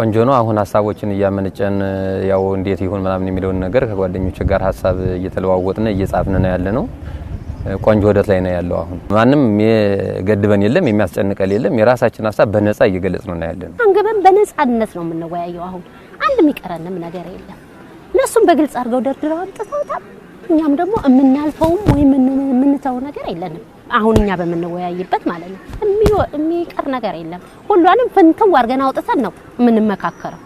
ቆንጆ ነው። አሁን ሀሳቦችን እያመነጨን ያው እንዴት ይሁን ምናምን የሚለውን ነገር ከጓደኞች ጋር ሀሳብ እየተለዋወጥን እየጻፍን ነው ያለ ነው። ቆንጆ ወደት ላይ ነው ያለው። አሁን ማንም የገድበን የለም፣ የሚያስጨንቀል የለም። የራሳችን ሀሳብ በነጻ እየገለጽ ነው ያለ ነው። አንገበን በነጻነት ነው የምንወያየው። አሁን አንድ የሚቀረንም ነገር የለም። እነሱም በግልጽ አድርገው ደርድረው አምጥተውታል። እኛም ደግሞ የምናልፈውም ወይም የምንተው ነገር የለንም። አሁን እኛ በምንወያይበት ማለት ነው። የሚቀር ነገር የለም። ሁሏንም ፍንትው አድርገን አውጥተን ነው የምንመካከረው።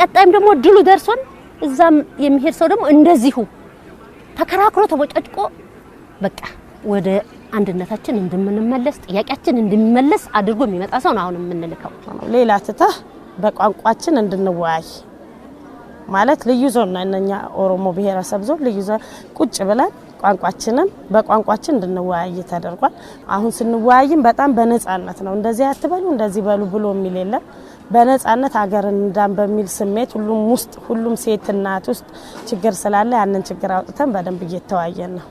ቀጣይም ደግሞ ድሉ ደርሶን እዛም የሚሄድ ሰው ደግሞ እንደዚሁ ተከራክሮ ተቦጫጭቆ በቃ ወደ አንድነታችን እንደምንመለስ ጥያቄያችን እንደሚመለስ አድርጎ የሚመጣ ሰው ነው አሁን የምንልከው። ሌላ ትተህ በቋንቋችን እንድንወያይ ማለት ልዩ ዞን ነው ኦሮሞ ብሔረሰብ ዞን ልዩ ዞን ቁጭ ብለን ቋንቋችንን በቋንቋችን እንድንወያይ ተደርጓል። አሁን ስንወያይም በጣም በነጻነት ነው። እንደዚህ አትበሉ እንደዚህ በሉ ብሎ የሚል የለም። በነጻነት ሀገርን እንዳን በሚል ስሜት ሁሉም ውስጥ ሁሉም ሴት እናት ውስጥ ችግር ስላለ ያንን ችግር አውጥተን በደንብ እየተወያየን ነው።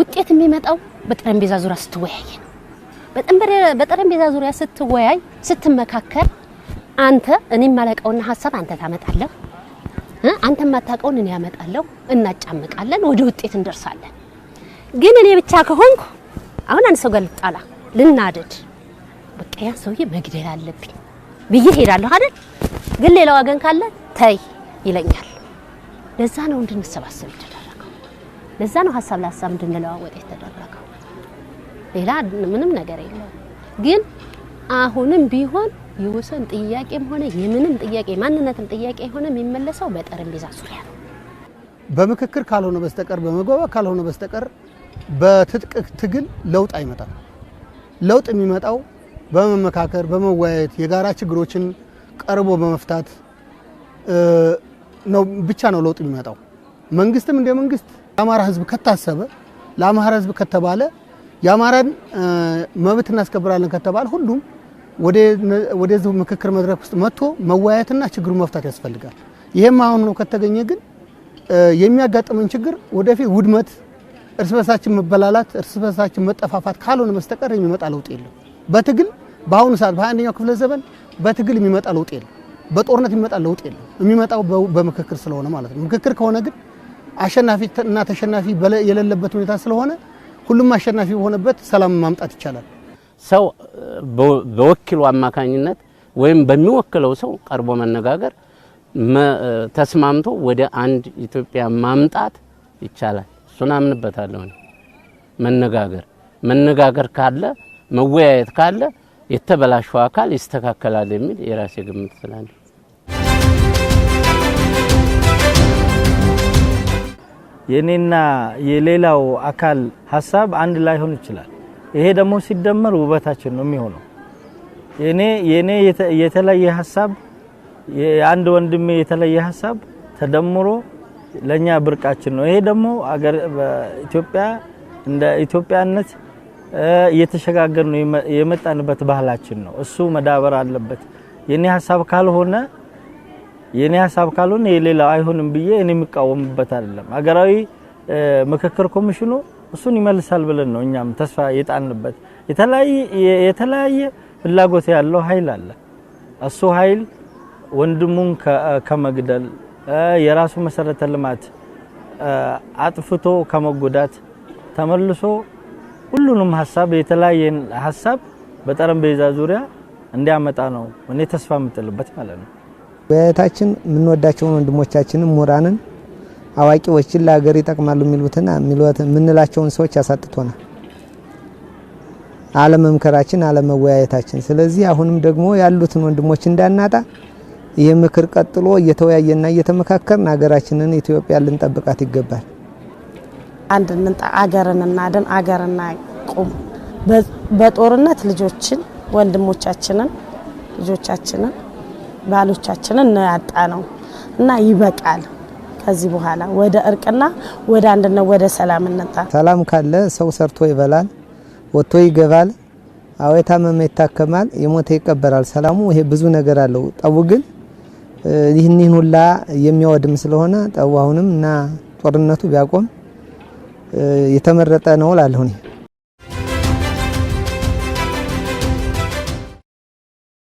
ውጤት የሚመጣው በጠረጴዛ ዙሪያ ስትወያይ ነው። በጠረጴዛ ዙሪያ ስትወያይ ስትመካከር አንተ እኔ የማላውቀውን ሀሳብ አንተ ታመጣለህ፣ አንተ የማታውቀውን እኔ ያመጣለሁ፣ እናጫምቃለን፣ ወደ ውጤት እንደርሳለን። ግን እኔ ብቻ ከሆንኩ አሁን አንድ ሰው ጋር ልጣላ፣ ልናደድ፣ በቃ ያን ሰውዬ መግደል አለብኝ ብዬ ሄዳለሁ አይደል? ግን ሌላ ወገን ካለ ተይ ይለኛል። ለዛ ነው እንድንሰባሰብ የተደረገው። ለዛ ነው ሀሳብ ለሀሳብ እንድንለዋወጥ የተደረገው። ሌላ ምንም ነገር የለም ግን አሁንም ቢሆን የወሰን ጥያቄም ሆነ የምንም ጥያቄ ማንነትም ጥያቄ ሆነ የሚመለሰው በጠረጴዛ ዙሪያ ነው። በምክክር ካልሆነ በስተቀር በመግባባት ካልሆነ በስተቀር በትጥቅ ትግል ለውጥ አይመጣም። ለውጥ የሚመጣው በመመካከር፣ በመወያየት የጋራ ችግሮችን ቀርቦ በመፍታት ነው ብቻ ነው ለውጥ የሚመጣው። መንግስትም እንደ መንግስት የአማራ ህዝብ ከታሰበ ለአማራ ህዝብ ከተባለ የአማራን መብት እናስከብራለን ከተባለ ሁሉም ወደዚህ ምክክር መድረክ ውስጥ መጥቶ መወያየትና ችግሩን መፍታት ያስፈልጋል። ይህም አሁን ነው ከተገኘ ግን የሚያጋጥመን ችግር ወደፊት ውድመት፣ እርስ በርሳችን መበላላት፣ እርስ በርሳችን መጠፋፋት ካልሆነ በስተቀር የሚመጣ ለውጥ የለም። በትግል በአሁኑ ሰዓት በ21ኛው ክፍለ ዘመን በትግል የሚመጣ ለውጥ የለም። በጦርነት የሚመጣ ለውጥ የለም። የሚመጣው በምክክር ስለሆነ ማለት ነው። ምክክር ከሆነ ግን አሸናፊ እና ተሸናፊ የሌለበት ሁኔታ ስለሆነ ሁሉም አሸናፊ በሆነበት ሰላም ማምጣት ይቻላል። ሰው በወኪሉ አማካኝነት ወይም በሚወክለው ሰው ቀርቦ መነጋገር ተስማምቶ ወደ አንድ ኢትዮጵያ ማምጣት ይቻላል። እሱን አምንበታለሁ። መነጋገር መነጋገር ካለ መወያየት ካለ የተበላሸው አካል ይስተካከላል የሚል የራሴ ግምት ስላለ የእኔና የሌላው አካል ሀሳብ አንድ ላይሆን ይችላል። ይሄ ደግሞ ሲደመር ውበታችን ነው የሚሆነው። የኔ የኔ የተለየ ሀሳብ የአንድ ወንድሜ የተለየ ሀሳብ ተደምሮ ለኛ ብርቃችን ነው። ይሄ ደግሞ አገር ኢትዮጵያ እንደ ኢትዮጵያነት እየተሸጋገር ነው የመጣንበት ባህላችን ነው። እሱ መዳበር አለበት። የኔ ሀሳብ ካልሆነ የኔ ሀሳብ ካልሆነ የሌላው አይሆንም ብዬ እኔ የሚቃወምበት አይደለም። አገራዊ ምክክር ኮሚሽኑ እሱን ይመልሳል ብለን ነው እኛም ተስፋ የጣንበት። የተለያየ ፍላጎት ያለው ኃይል አለ። እሱ ኃይል ወንድሙን ከመግደል የራሱ መሰረተ ልማት አጥፍቶ ከመጎዳት ተመልሶ ሁሉንም ሀሳብ የተለያየን ሀሳብ በጠረጴዛ ዙሪያ እንዲያመጣ ነው እኔ ተስፋ የምጥልበት ማለት ነው። በታችን የምንወዳቸውን ወንድሞቻችንን ምሁራንን አዋቂዎችን ለሀገር ይጠቅማሉ የሚሉትን የምንላቸውን ሰዎች ያሳጥቶናል አለመምከራችን፣ አለመወያየታችን። ስለዚህ አሁንም ደግሞ ያሉትን ወንድሞች እንዳናጣ ይህ ምክር ቀጥሎ እየተወያየና እየተመካከርን ሀገራችንን ኢትዮጵያ ልንጠብቃት ይገባል። አንድ አገርን እናድን፣ አገርን ቁም። በጦርነት ልጆችን ወንድሞቻችንን፣ ልጆቻችንን፣ ባሎቻችንን ያጣ ነው እና ይበቃል። ከዚህ በኋላ ወደ እርቅና ወደ አንድነት ወደ ሰላም እንጣ። ሰላም ካለ ሰው ሰርቶ ይበላል፣ ወጥቶ ይገባል። አዎ የታመመ ይታከማል፣ የሞተ ይቀበራል። ሰላሙ ይሄ ብዙ ነገር አለው። ጠቡ ግን ይህን ሁላ የሚያወድም ስለሆነ ጠቡ አሁንም እና ጦርነቱ ቢያቆም የተመረጠ ነው እላለሁ እኔ።